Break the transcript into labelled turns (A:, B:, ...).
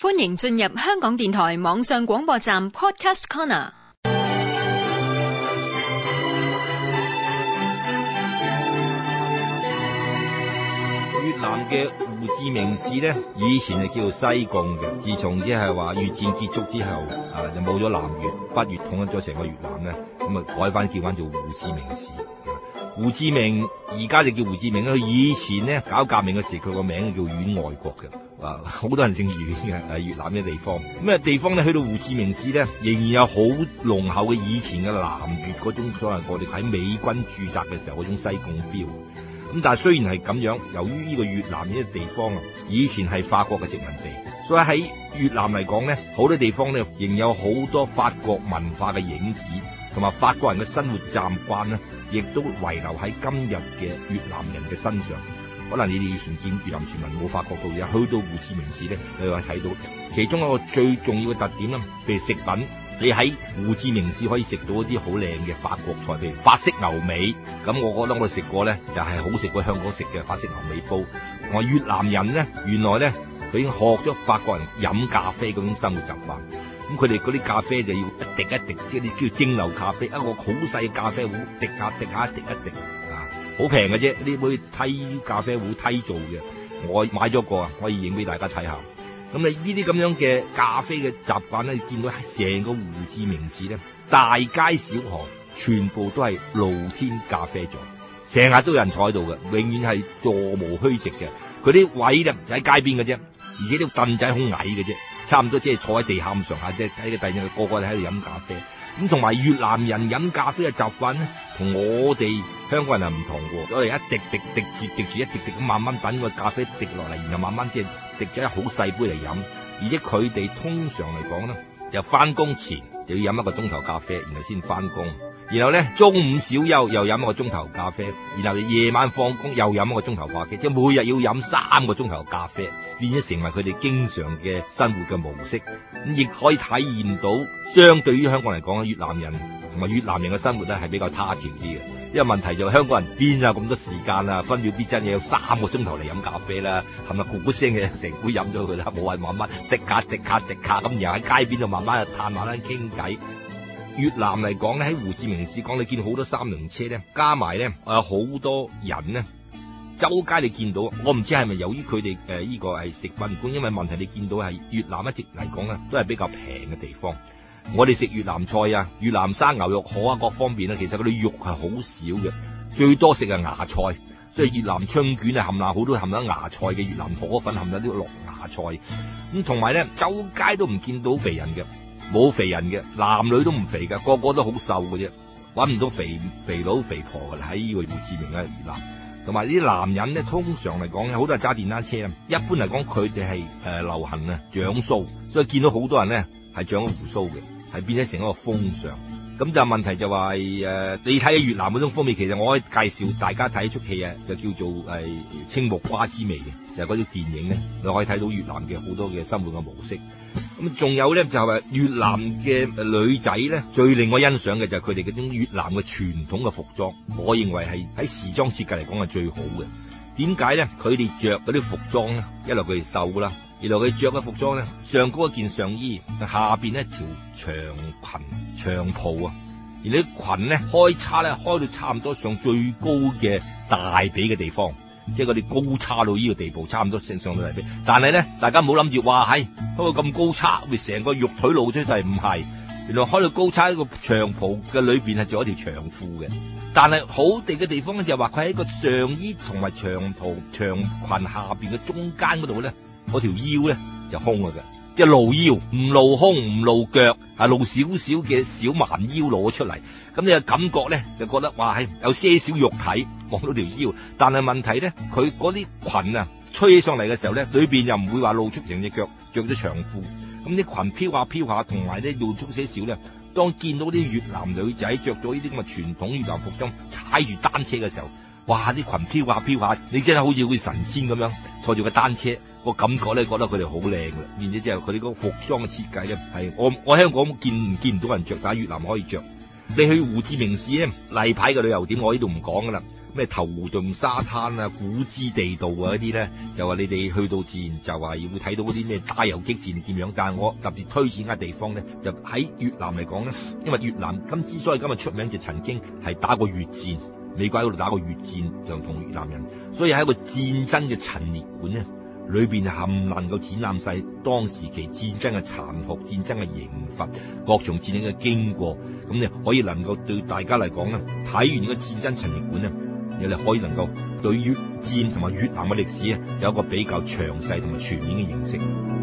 A: 歡迎進入香港電台網上廣播站 Podcast Corner。越南嘅胡志明市呢，以前係叫做西貢嘅，自從即係話越戰結束之後啊，就冇咗南越、北越統一咗成個越南咧，咁啊改翻叫翻做胡志明市。胡志明而家就叫胡志明啦，佢以前咧搞革命嘅時候，佢個名叫阮愛國嘅。啊，好 多人姓阮嘅，係越南嘅地方。咁、那、咩、個、地方咧？去到胡志明市咧，仍然有好濃厚嘅以前嘅南越嗰種，所以我哋喺美軍駐紮嘅時候嗰種西貢標。咁但係雖然係咁樣，由於呢個越南呢啲地方啊，以前係法國嘅殖民地，所以喺越南嚟講咧，好多地方咧，仍有好多法國文化嘅影子，同埋法國人嘅生活習慣咧，亦都會遺留喺今日嘅越南人嘅身上。可能你哋以前見越南船民冇發覺到嘅，去到胡志明市咧，你話睇到其中一個最重要嘅特點啦，譬如食品，你喺胡志明市可以食到一啲好靚嘅法國菜，譬如法式牛尾，咁我覺得我食過咧就係、是、好食過香港食嘅法式牛尾煲。我越南人咧，原來咧佢已經學咗法國人飲咖啡嗰種生活習慣，咁佢哋嗰啲咖啡就要一滴一滴即係叫蒸餾咖啡，一個好細咖啡壺滴下滴下一,一,一,一滴一滴。好平嘅啫，你可以梯咖啡壺梯做嘅，我買咗一個啊，可以影俾大家睇下。咁你呢啲咁樣嘅咖啡嘅習慣咧，你見到成個胡志明市咧，大街小巷全部都係露天咖啡座，成日都有人坐喺度嘅，永遠係座無虛席嘅。佢啲位咧唔使街邊嘅啫，而且啲凳仔好矮嘅啫，差唔多即係坐喺地下上下啫。喺個第二日個個都喺度飲咖啡。咁同埋越南人飲咖啡嘅習慣咧，同我哋香港人係唔同嘅。我哋一滴滴滴住滴住，一滴滴咁慢慢等個咖啡滴落嚟，然後慢慢即係滴咗一好細杯嚟飲。而且佢哋通常嚟講咧，就返工前，就要飲一個鐘頭咖啡，然後先返工，然後咧，中午小休又飲一個鐘頭咖啡，然後夜晚放工又飲一個鐘頭咖啡，即係每日要飲三個鐘頭咖啡，變咗成為佢哋經常嘅生活嘅模式。咁，嗯，亦可以體驗到，相對於香港嚟講，越南人同埋越南人嘅生活咧係比較他調啲嘅。因為問題就香港人邊有咁多時間啊？分秒必爭嘅，有三個鐘頭嚟飲咖啡啦，係咪咕咕聲嘅成杯飲咗佢啦？冇謂慢慢滴卡滴卡滴卡咁，然後喺街邊度慢慢嘆慢慢傾。越南嚟講咧，喺胡志明市講，你見好多三輪車咧，加埋咧，誒，好多人咧，周街你見到，我唔知係咪由於佢哋誒呢個係食品館，因為問題你見到係越南一直嚟講啊，都係比較平嘅地方。我哋食越南菜啊，越南生牛肉河啊，各方面啊，其實嗰啲肉係好少嘅，最多食係芽菜，所以越南春卷啊，含埋好多含咗芽菜嘅越南河粉，含咗啲落芽菜。咁同埋咧，周街都唔見到肥人嘅。冇肥人嘅，男女都唔肥噶，個個都好瘦嘅啫，揾唔到肥肥佬肥婆噶啦，喺呢個胡志明嘅越南，同埋呢啲男人咧，通常嚟講，好多人揸電單車啊，一般嚟講，佢哋係誒流行長鬚，所以見到好多人咧係長鬍鬚嘅，係變咗成一個風尚。咁就問題就話係誒，你睇越南嗰種方面，其實我可以介紹大家睇一出戲啊，就叫做誒《青木瓜之味》嘅，就係嗰啲電影咧，你可以睇到越南嘅好多嘅生活嘅模式。咁仲有咧就係越南嘅女仔咧，最令我欣賞嘅就係佢哋嗰種越南嘅傳統嘅服裝，我認為係喺時裝設計嚟講係最好嘅。點解咧？佢哋著嗰啲服裝咧，一來佢哋瘦㗎啦。原來佢着嘅服裝咧，上高一件上衣，下邊一條長裙長袍啊，而呢裙咧開叉咧開到差唔多上最高嘅大髀,嘅地方，即係啲高叉到呢個地步，差唔多上上到大髀。但係咧，大家唔好諗住，話：「哎，開到咁高叉會成個肉腿露出，係唔係？原來開到高叉一個長袍嘅裏邊係做一條長褲嘅。但係好地嘅地方咧，就係話佢喺個上衣同埋長袍長裙下邊嘅中間嗰度咧。嗰條腰咧就空啦嘅，即係露腰，唔露胸，唔露腳，係露少少嘅小蠻腰攞出嚟。咁你個感覺咧就覺得話係有些少肉體望到條腰，但係問題咧，佢嗰啲裙啊吹起上嚟嘅時候咧，裏邊又唔會話露出成隻腳，着咗長褲。咁啲裙飄下飄下，同埋咧露出些少咧。當見到啲越南女仔着咗呢啲咁嘅傳統越南服裝，踩住單車嘅時候，哇！啲裙飄下飄下，你真係好似好神仙咁樣坐住個單車。我感覺咧，覺得佢哋好靚噶，然之後佢哋嗰服裝嘅設計咧，係我我在香港見不見唔到人着打，越南可以着。你去胡志明市咧，例牌嘅旅遊點，我呢度唔講噶啦。咩頭頓沙灘啊、古芝地道啊嗰啲咧，就話你哋去到自然就話要睇到嗰啲咩打游擊戰點樣。但係我特別推薦嘅地方咧，就喺越南嚟講咧，因為越南咁，之所以今日出名就曾經係打過越戰，美國喺嗰度打過越戰，就同越南人，所以喺一個戰爭嘅陳列館咧。裏面係冚能夠展覽曬當時期戰爭嘅殘酷、戰爭嘅刑罰、各種戰爭嘅經過，咁你可以能夠對大家嚟講咧，睇完呢個戰爭陳列館咧，你可以能夠對於戰同埋越南嘅歷史有一個比較詳細同埋全面嘅認識。